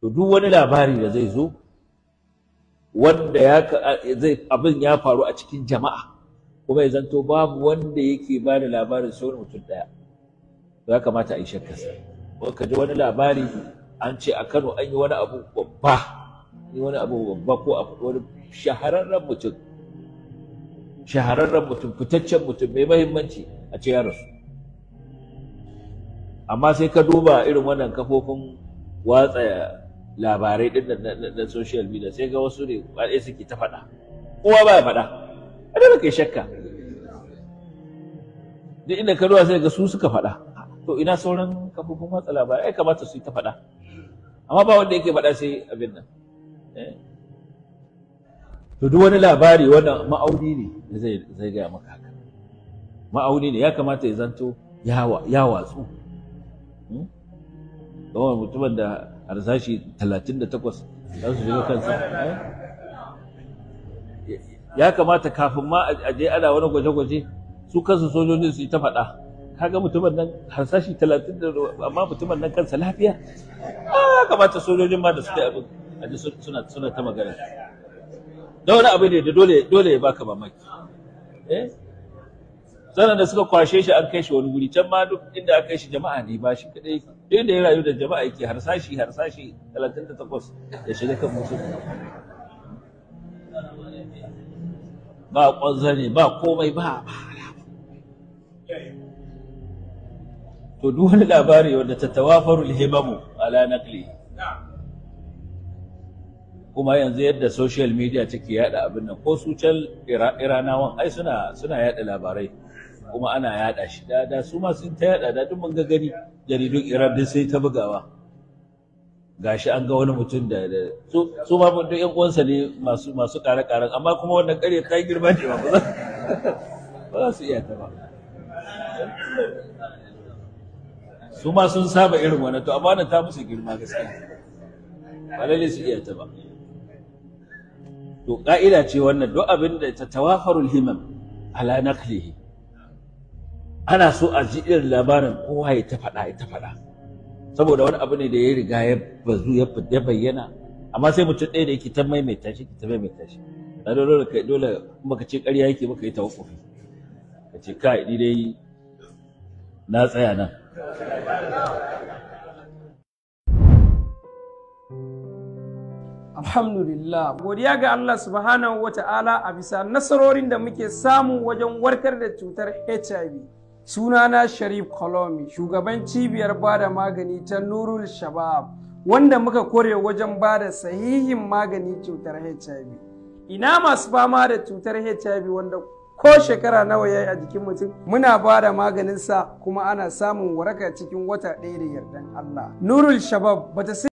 to duk wani labari da zai zo wanda ya zai abin ya faru a cikin jama'a kuma ya zanto babu wanda yake ba da labarin sauran wani mutum ɗaya ya kamata a yi shakkarsa wani ka ji wani labari an ce a Kano an yi wani abu babba yi wani abu babba ko a wani shahararren mutum shahararren mutum fitaccen mutum mai mahimmanci a ce ya rasu amma sai ka duba irin wannan kafofin watsa labarai din na social media sai ga wasu ne kwaɗe suke ta faɗa kowa ba ya faɗa a da kai shakka duk inda ka ruwa sai ga su suka faɗa to ina sauran kafofin watsa labarai ai kamata su yi ta faɗa amma ba wanda yake faɗa sai abin nan eh? to duk wani labari wannan ma'auni ne zai zai gaya maka haka ma'auni ne ya kamata ya zanto ya watsu ga hmm? mutumin da harsashi 38 za su shiga kansa eh? ya kamata kafin ma a je ana wani gwaje-gwaje su kansu sojojin su yi ta faɗa kaga mutumin nan harsashi 30 amma mutumin nan kansa lafiya ya kamata sojojin ma da suka yi abin a ji suna ta magana da wani abu ne da dole ya baka mamaki eh sannan da suka kwashe shi an kai shi wani guri can ma duk inda aka kai shi jama'a ne ba shi kadai duk da ya rayu da jama'a yake harsashi harsashi 38 da shiga kan musu ba ne ba komai ba to duk wani labari wanda ta tawafarul himamu ala naqli kuma yanzu yadda social media take yada abin nan ko su can iranawan ai suna suna yada labarai kuma ana yada shi da da su ma sun ta yada da duk mun ga gani jaridun iran din sai ta bugawa gashi an ga wani mutum da su su ma duk yan uwansa ne masu masu kare amma kuma wannan kare ta girma ne ba ba za su iya ta ba su ma sun saba irin wannan to amma ta musu girma gaskiya ba lalle su iya ta ba to ka'ida ce wannan duk abin da ta tawafarul himam ala naklihi ana so a ji irin labarin kowa ya ta faɗa ya ta faɗa saboda wani abu ne da ya riga ya bazu ya bayyana amma sai mutum ɗaya da yake ta maimaita shi ta maimaita shi na dole kai dole baka ce ƙarya yake maka yi tawaffufi ka ce kai ni dai na tsaya nan alhamdulillah godiya ga Allah subhanahu wata'ala a bisa nasarorin da muke samu wajen warkar da cutar HIV sunana Sharif Kolomi shugaban cibiyar bada magani ta Nurul Shabab wanda muka kore wajen bada sahihin magani cutar HIV ina masu fama da cutar HIV wanda ko shekara nawa yayi a jikin mutum muna ba da maganinsa kuma ana samun waraka cikin wata ɗaya da yardan Allah. Nurul Shabab bata